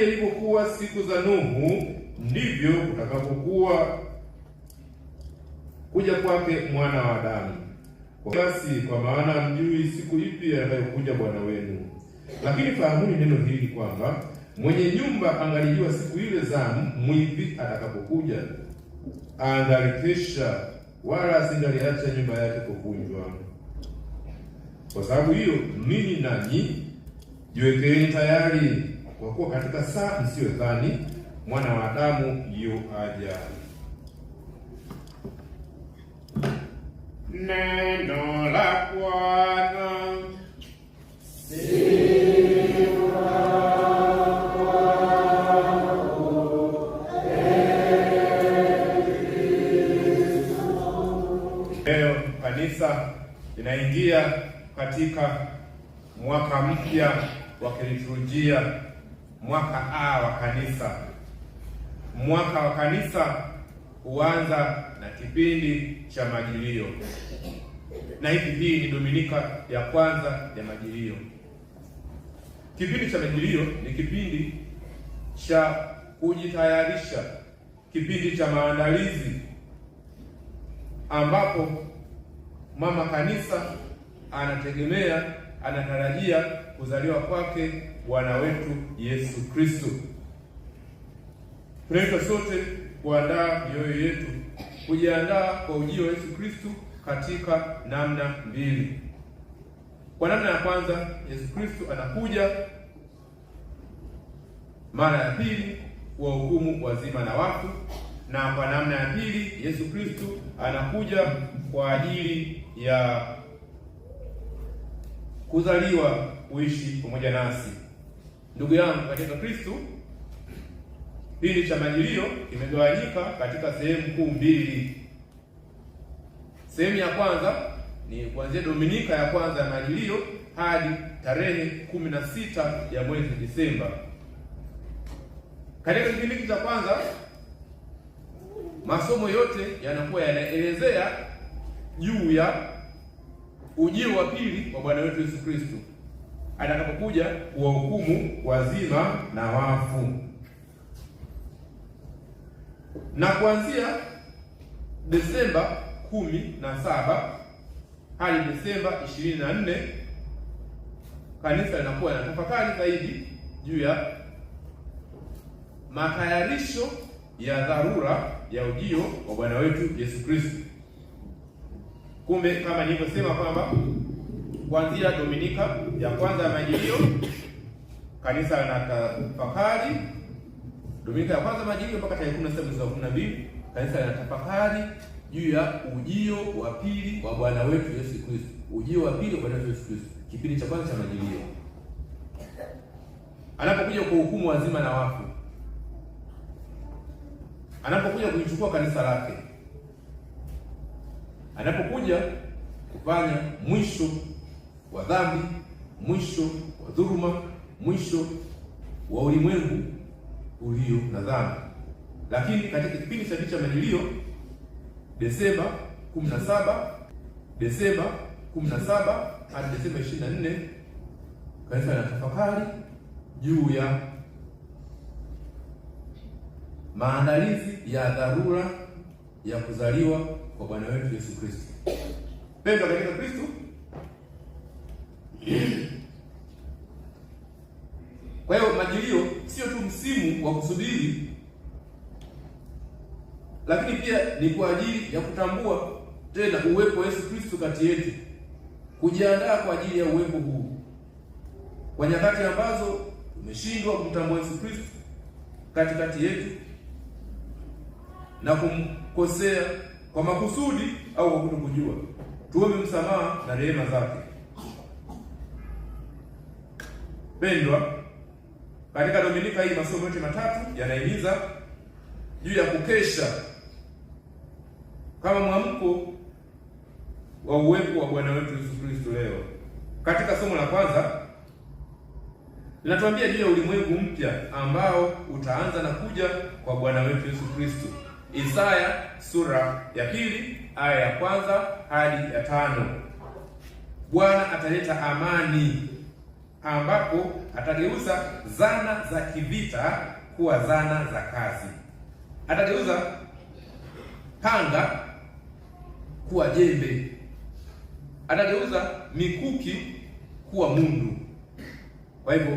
vile ilivyokuwa siku za Nuhu, ndivyo kutakavyokuwa kuja kwake mwana wa Adamu. Basi kwa maana mjui siku ipi atakayokuja Bwana wenu. Lakini fahamuni neno hili kwamba mwenye nyumba angalijua siku ile za mwivi atakapokuja, angalikesha, wala asingaliacha nyumba yake kuvunjwa. Kwa sababu hiyo, ninyi nanyi jiwekeeni tayari kwa kuwa katika saa isiyo dhani mwana wa Adamu yu aja. Neno la Bwana. Leo kanisa inaingia katika mwaka mpya wa kiliturujia mwaka A wa kanisa. Mwaka wa kanisa huanza na kipindi cha majilio, na hivi hii ni dominika ya kwanza ya majilio. Kipindi cha majilio ni kipindi cha kujitayarisha, kipindi cha maandalizi ambapo mama kanisa anategemea, anatarajia kuzaliwa kwake Bwana wetu Yesu Kristo. Tunaitwa sote kuandaa mioyo yetu, kujiandaa kwa ujio wa Yesu Kristo katika namna mbili. Kwa namna ya kwanza, Yesu Kristo anakuja mara ya pili kuwahukumu wazima na wafu, na kwa namna ya pili, Yesu Kristo anakuja kwa ajili ya kuzaliwa kuishi pamoja nasi. Ndugu yangu katika Kristo, dini cha Majilio kimegawanyika katika sehemu kuu mbili. Sehemu ya kwanza ni kuanzia Dominika ya kwanza ya Majilio hadi tarehe kumi na sita ya mwezi Disemba. Katika kipindi hiki cha kwanza, masomo yote yanakuwa yanaelezea juu ya ujio wa pili wa Bwana wetu Yesu Kristo atakapokuja kuwahukumu wazima na wafu. Na kuanzia Desemba kumi na saba hadi Desemba ishirini na nne kanisa linakuwa na tafakari zaidi juu ya matayarisho ya dharura ya ujio wa Bwana wetu Yesu Kristo. Kumbe kama nilivyosema kwamba kuanzia Dominika ya kwanza ya majilio, kanisa tafakari, Dominika ya kwanza majilio mpaka tarehe 17 mwezi wa 12, kanisa tafakari juu ya ujio wa pili wa Bwana wetu Yesu Kristo. Ujio wa pili wa Bwana wetu Yesu Kristo, kipindi cha kwanza cha majilio, anapokuja kuhukumu wazima na wafu, anapokuja kuichukua kanisa lake, anapokuja kufanya mwisho wa dhambi mwisho wa dhuluma, mwisho wa ulimwengu ulio na dhambi. Lakini katika kipindi cha cha Majilio, Desemba 17 Desemba 17 hadi Desemba 24, kanisa la tafakari juu ya maandalizi ya dharura ya kuzaliwa kwa Bwana wetu Yesu Kristo. Pendwa katika Kristo kwa hiyo majilio sio tu msimu wa kusubiri, lakini pia ni kwa ajili ya kutambua tena uwepo wa Yesu Kristo kati yetu, kujiandaa kwa ajili ya uwepo huu kwa nyakati ambazo tumeshindwa kumtambua Yesu Kristo katikati yetu na kumkosea kwa makusudi au kwa kutokujua, tuombe msamaha na rehema zake. Pendwa, katika Dominika hii masomo yote matatu yanahimiza juu ya kukesha kama mwamko wa uwepo wa Bwana wetu Yesu Kristo leo. Katika somo la kwanza linatuambia juu ya ulimwengu mpya ambao utaanza na kuja kwa Bwana wetu Yesu Kristo. Isaya sura ya pili aya ya kwanza hadi ya tano. Bwana ataleta amani ambapo atageuza zana za kivita kuwa zana za kazi. Atageuza panga kuwa jembe, atageuza mikuki kuwa mundu. Kwa hivyo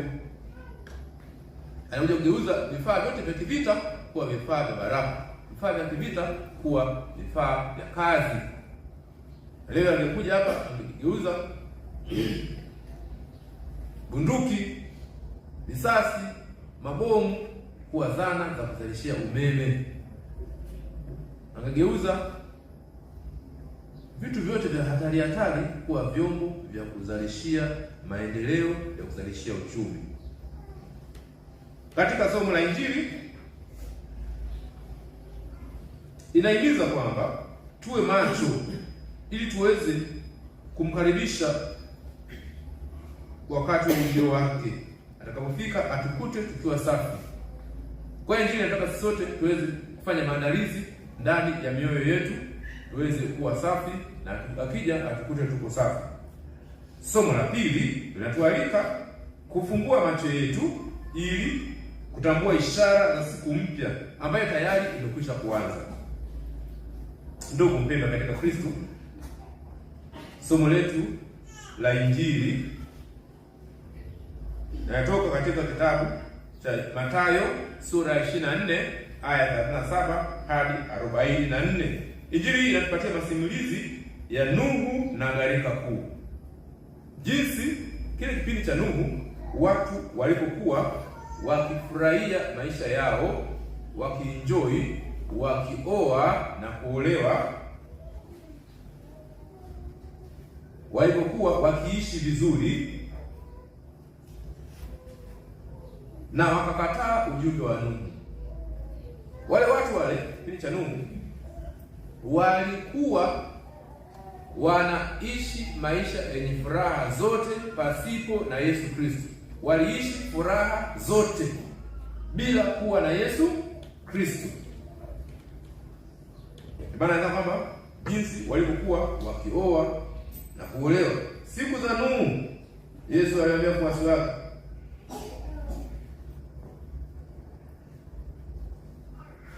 anakuja kugeuza vifaa vyote vya kivita kuwa vifaa vya baraka, vifaa vya kivita kuwa vifaa vya kazi. Leo angekuja hapa angegeuza bunduki, risasi, mabomu kuwa zana za kuzalishia umeme. Akageuza vitu vyote vya hatari hatari kuwa vyombo vya kuzalishia maendeleo ya kuzalishia uchumi. Katika somo la Injili inahimiza kwamba tuwe macho ili tuweze kumkaribisha wakati wa ujio wake, atakapofika atukute tukiwa safi. Kwa Injili nataka sote tuweze kufanya maandalizi ndani ya mioyo yetu tuweze kuwa safi, na akija atukute tuko safi. Somo la pili linatualika kufungua macho yetu ili kutambua ishara za siku mpya ambayo tayari imekwisha kuanza. Ndugu mpendwa katika Kristo, somo letu la Injili Natoka katika kitabu cha Mathayo sura ya 24 aya 37 hadi 44. Injili hii inatupatia masimulizi ya Nuhu na gharika kuu, jinsi kile kipindi cha Nuhu watu walipokuwa wakifurahia maisha yao, wakienjoy, wakioa na kuolewa, walipokuwa wakiishi vizuri na wakakataa ujumbe wa Nuhu. Wale watu wale kipindi cha Nuhu walikuwa wanaishi maisha yenye furaha zote pasipo na Yesu Kristo. Waliishi furaha zote bila kuwa na Yesu Kristo. Maana kwamba jinsi walivyokuwa wakioa na kuolewa siku za Nuhu, Yesu aliambia wafuasi wake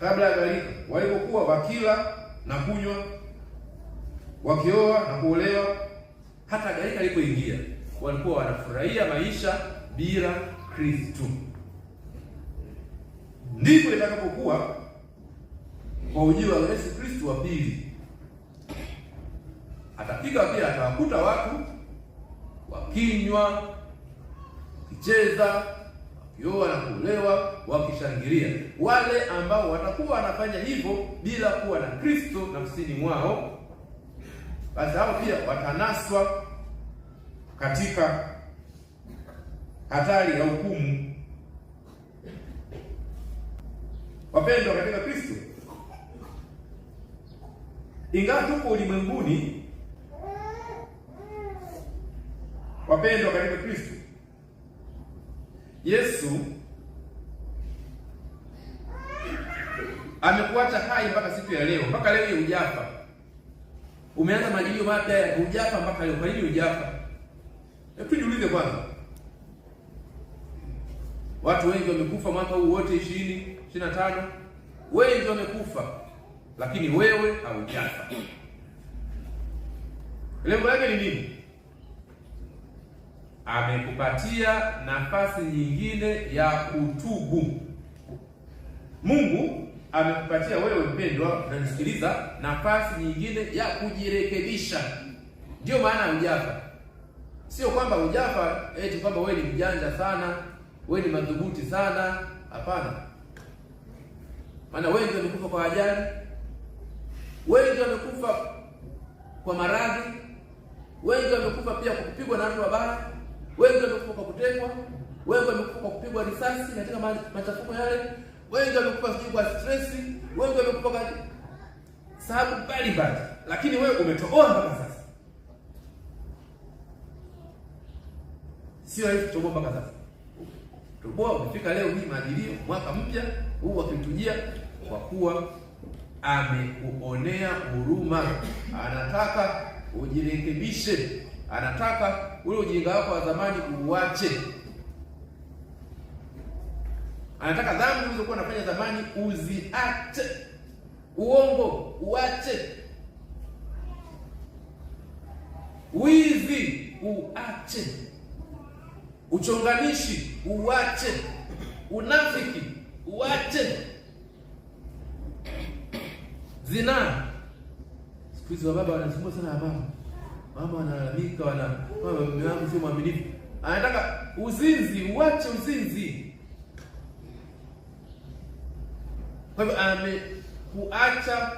kabla ya gharika, walipokuwa wakila na kunywa, wakioa na kuolewa, hata gharika alipoingia, walikuwa wanafurahia maisha bila Kristo. Ndipo itakapokuwa kwa ujio wa Yesu Kristo wa pili, atafika pia, atawakuta watu wakinywa, kicheza Yoa wanakulewa wakishangilia. Wale ambao watakuwa wanafanya hivyo bila kuwa na Kristo nafsini mwao, basi hao pia watanaswa katika hatari ya hukumu. Wapendwa katika Kristo, ingawa tuko ulimwenguni, wapendwa katika Kristo Yesu amekuacha hai mpaka siku ya leo, mpaka leo hii hujafa. Umeanza majilio mapya ya hujafa mpaka leo. Kwa nini hujafa? Hebu jiulize kwanza. Watu wengi wamekufa mwaka huu wote 20 25, wengi wamekufa, lakini wewe haujafa. Lengo lake ni nini? amekupatia nafasi nyingine ya kutubu. Mungu amekupatia wewe mpendwa, unanisikiliza, nafasi nyingine ya kujirekebisha. Ndiyo maana hujafa. Sio kwamba hujafa eti kwamba wewe ni mjanja sana, wewe ni madhubuti sana. Hapana, maana wengi wamekufa kwa ajali, wengi wamekufa kwa maradhi, wengi wamekufa pia kwa kupigwa na watu wabaya wengi wamekufa kwa kutekwa, wengi wamekufa kwa kupigwa risasi katika machafuko yale, wengi wamekufa kwa stress, wengi wamekufa kwa sababu mbalimbali, lakini wewe umetoboa mpaka sasa. Sio rahisi kutoboa mpaka sasa. Toboa, umefika leo hii maadilio, mwaka mpya huu wakimtujia, kwa kuwa amekuonea huruma, anataka ujirekebishe, anataka ule ujinga wako wa zamani uuache. Anataka dhambi ulizokuwa unafanya zamani uziache, uongo uache, wizi uache, uchonganishi uache, unafiki uache, zinaa. Siku hizi wababa wanasumbua sana wamama mama analalamika, wana mama, mume wangu sio mwaminifu, anataka uzinzi, uache uzinzi. Kwa hivyo amekuacha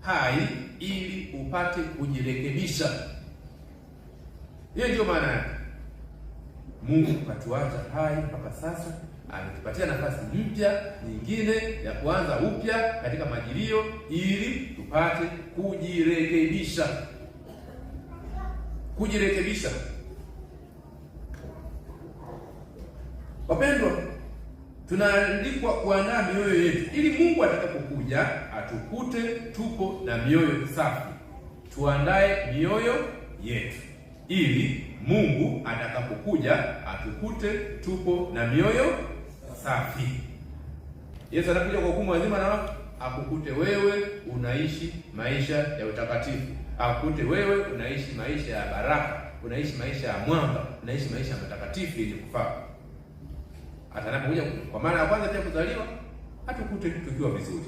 hai ili upate kujirekebisha. Hiyo ndio maana yake. Mungu katuacha hai mpaka sasa, ametupatia nafasi mpya nyingine ya kuanza upya katika majilio, ili tupate kujirekebisha kujirekebisha. Wapendwa, tunaandikwa kuandaa mioyo yetu ili Mungu atakapokuja atukute tupo na mioyo safi. Tuandae mioyo yetu ili Mungu atakapokuja atukute tupo na mioyo safi. Yesu anakuja kwa hukumu wazima na akukute wewe unaishi maisha ya utakatifu akute wewe unaishi maisha ya baraka, unaishi maisha ya mwamba, unaishi maisha ya matakatifu yenye kufaa. Hata anapokuja kwa mara ya kwanza pia kuzaliwa, hatukute tukiwa vizuri.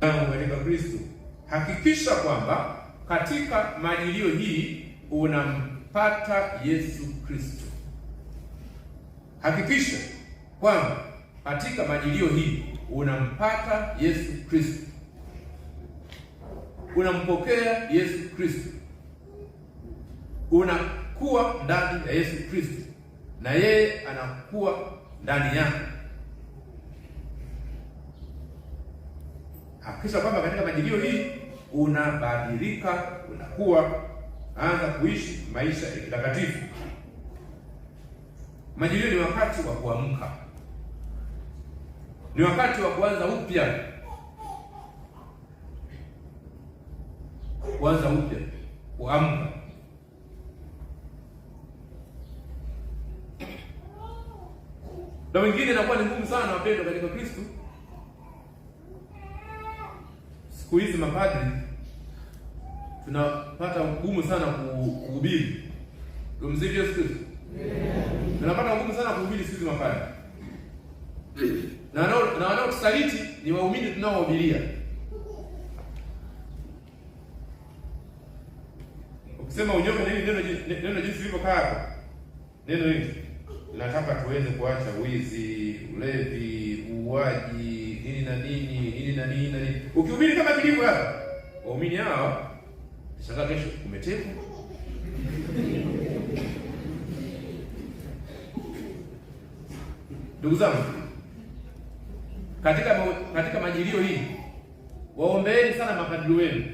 Katika Kristo, hakikisha kwamba katika majilio hii unampata Yesu Kristo. Hakikisha kwamba katika majilio hii unampata Yesu Kristo unampokea Yesu Kristo, unakuwa ndani ya Yesu Kristo na yeye anakuwa ndani yako. Hakikisha kwamba katika majilio hii unabadilika, unakuwa anza kuishi maisha ya kitakatifu. Majilio ni wakati wa kuamka, ni wakati wa kuanza upya. kuanza upya, kuamka. Na wengine inakuwa ni ngumu sana wapendwa katika Kristo. Siku hizi mapadri tunapata ngumu sana kuhubiri. Tumsifu Yesu Kristo. Tunapata ngumu sana kuhubiri siku hizi mapadri. Na wanao na wanaotusaliti ni waumini tunaohubiria. Sema unyonge na hili neno neno jinsi lilivyokaa hapo. Neno hili nataka tuweze kuacha wizi, ulevi, uuaji, nini na nini, nini na nini na nini. Ukihubiri kama kilivyo hapa, waumini hao sasa kesho umetekwa. Ndugu zangu, katika katika majilio hii waombeeni sana mapadri wenu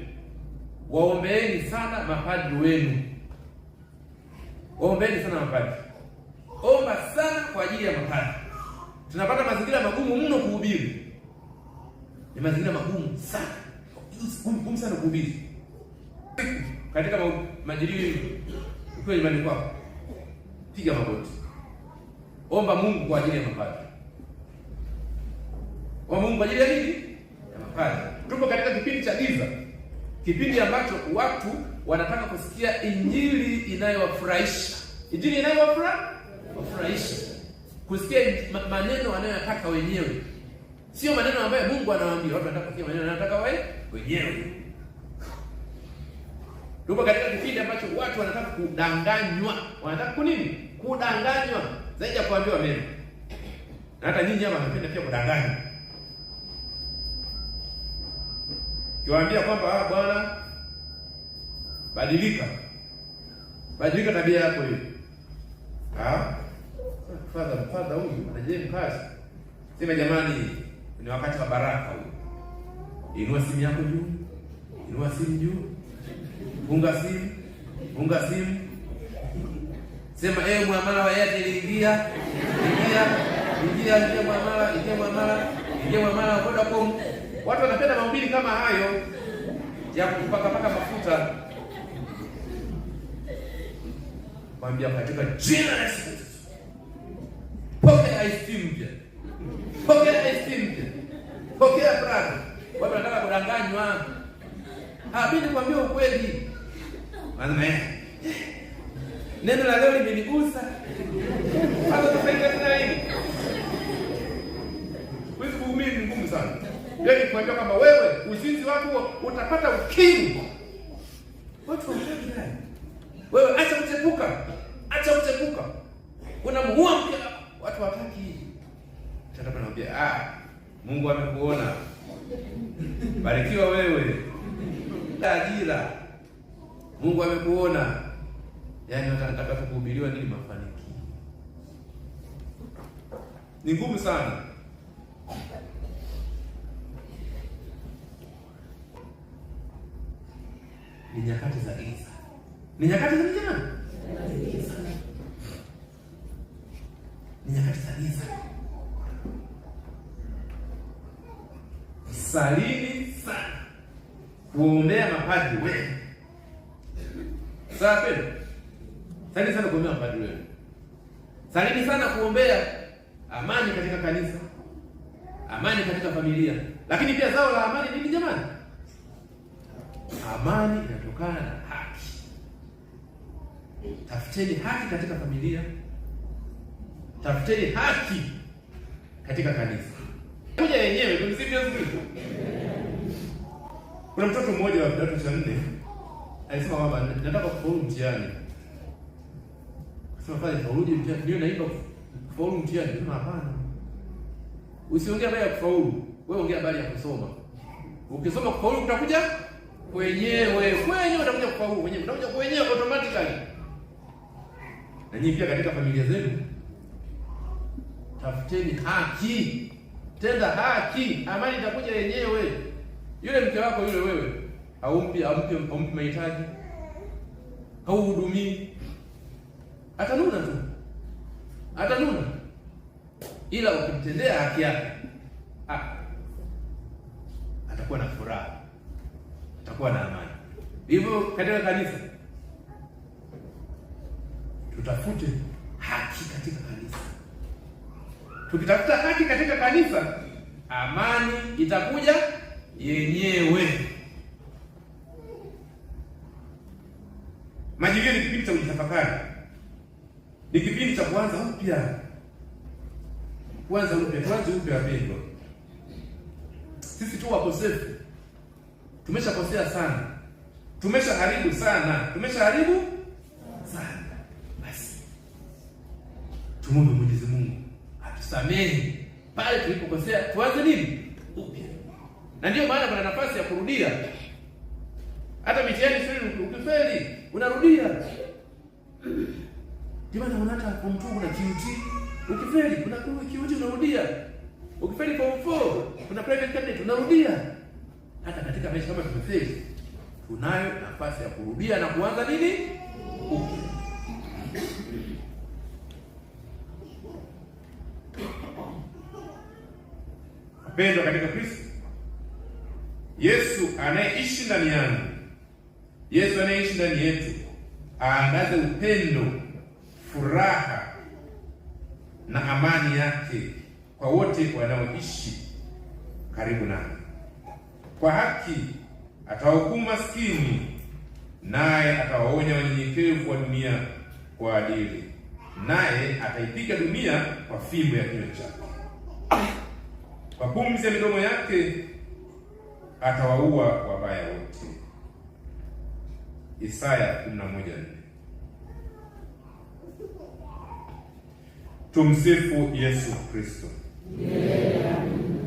waombeeni sana mapadri wenu, waombeeni sana mapadri. Omba sana kwa ajili ya mapadri. Tunapata mazingira magumu mno kuhubiri, ni mazingira magumu sana, gumu sana kuhubiri katika majilii. Ukiwa nyumbani kwako, piga magoti, omba Mungu kwa ajili ya mapadri, omba Mungu kwa ajili ya nini? Ya mapadri. Tupo katika kipindi cha giza kipindi ambacho watu wanataka kusikia injili inayowafurahisha, injili inayowafurahisha, kusikia maneno wanayotaka wenyewe, sio maneno ambayo Mungu anawaambia watu. Wanataka kusikia maneno wanataka wae wenyewe. Tupo katika kipindi ambacho watu wanataka kudanganywa, wanataka kunini? Kudanganywa zaidi ya kuambiwa mema, na hata nyinyi hapa mnapenda pia kudanganywa Ukiwaambia kwamba ah, bwana, badilika, badilika tabia yako hiyo, Father, father huyu anajenga kazi. sema jamani, ni wakati wa baraka huyu. Inua simu yako juu, inua simu juu, funga simu, funga simu, sema eh, mwamala wa Airtel ingia, ingia, ingia, ingia mwamala, ingia mwamala, ingia mwamala wa Vodacom Watu wanapenda mahubiri kama hayo ya kupaka paka mafuta. Mwambia katika jina la Yesu. Pokea ice cream mpya. Pokea ice cream mpya. Pokea brada. Watu wanataka kudanganywa. Ah, mimi nikwambia ukweli. Amen. Eh, eh. Neno la leo limenigusa. Yeye nikwambia kwamba wewe uzinzi wako utapata ukingo. Watu wanataka Wewe acha kuchepuka. Acha kuchepuka. Unamuua mke watu wataki hivi. naambia ah, Mungu amekuona. Barikiwa wewe. Ajira. Mungu amekuona. Yaani watataka kuhubiriwa nini mafanikio. Ni ngumu sana. ni nyakati za giza. Ni nyakati za vijana, ni nyakati za giza. Salini sana kuombea mapadri wenu, sawa? Salini sana kuombea mapadri wenu, salini sana kuombea amani katika kanisa, amani katika familia, lakini pia zao la amani nini jamani? Amani inatokana na haki. Tafuteni haki katika familia, tafuteni haki katika kanisa. Kuja yenyewe tumsifu Yesu Kristo. Kuna mtoto mmoja wa kidato cha nne alisema baba, nataka kufaulu mtihani. Sema pale faulu mtihani? Ndio naimba kufaulu mtihani. Sema hapana. Usiongee habari ya kufaulu, wewe ongea habari ya kusoma. Ukisoma kufaulu utakuja wenyewe wenyewe utakuja kufaulu wenyewe, utakuja wenyewe automatically. Na nyinyi pia katika familia zenu tafuteni haki, tenda haki, amani itakuja yenyewe. Yule mke wako yule wewe haumpi haumpi haumpi mahitaji, hauhudumii, atanuna tu, atanuna, ila ukimtendea haki yake ah, atakuwa na furaha tutakuwa na amani. Hivyo katika kanisa tutafute haki katika kanisa. Tukitafuta haki katika kanisa, amani itakuja yenyewe. Majilio ni kipindi cha kujitafakari, ni kipindi cha kuanza upya, kuanza upya, tuanze upya wapendwa. Sisi tu wakosefu tumeshakosea sana, tumeshaharibu sana, tumeshaharibu sana. Basi tumwombe Mwenyezi Mungu atusamehe pale tulipokosea, tuanze nini upya, na ndiyo maana kuna nafasi ya kurudia. Hata mitihani shule ukifeli unarudia, ndio maana unaata na QT ukifeli kuna kiuti unarudia, ukifeli form 4 kuna private candidate, unarudia hata katika maisha kama tumefeli, tunayo nafasi ya kurudia na kuanza nini upya. katika Kristo Yesu, anayeishi ndani yangu, Yesu anayeishi ndani yetu, aangaze upendo, furaha na amani yake kwa wote wanaoishi karibu nami kwa haki atawahukumu maskini, naye atawaonya wanyenyekevu wa dunia kwa adili, naye ataipiga dunia kwa fimbo ya kinywa chake. Kwa pumzi ya midomo yake atawaua wabaya wote. Isaya 11:4. Tumsifu Yesu Kristo. Yeah.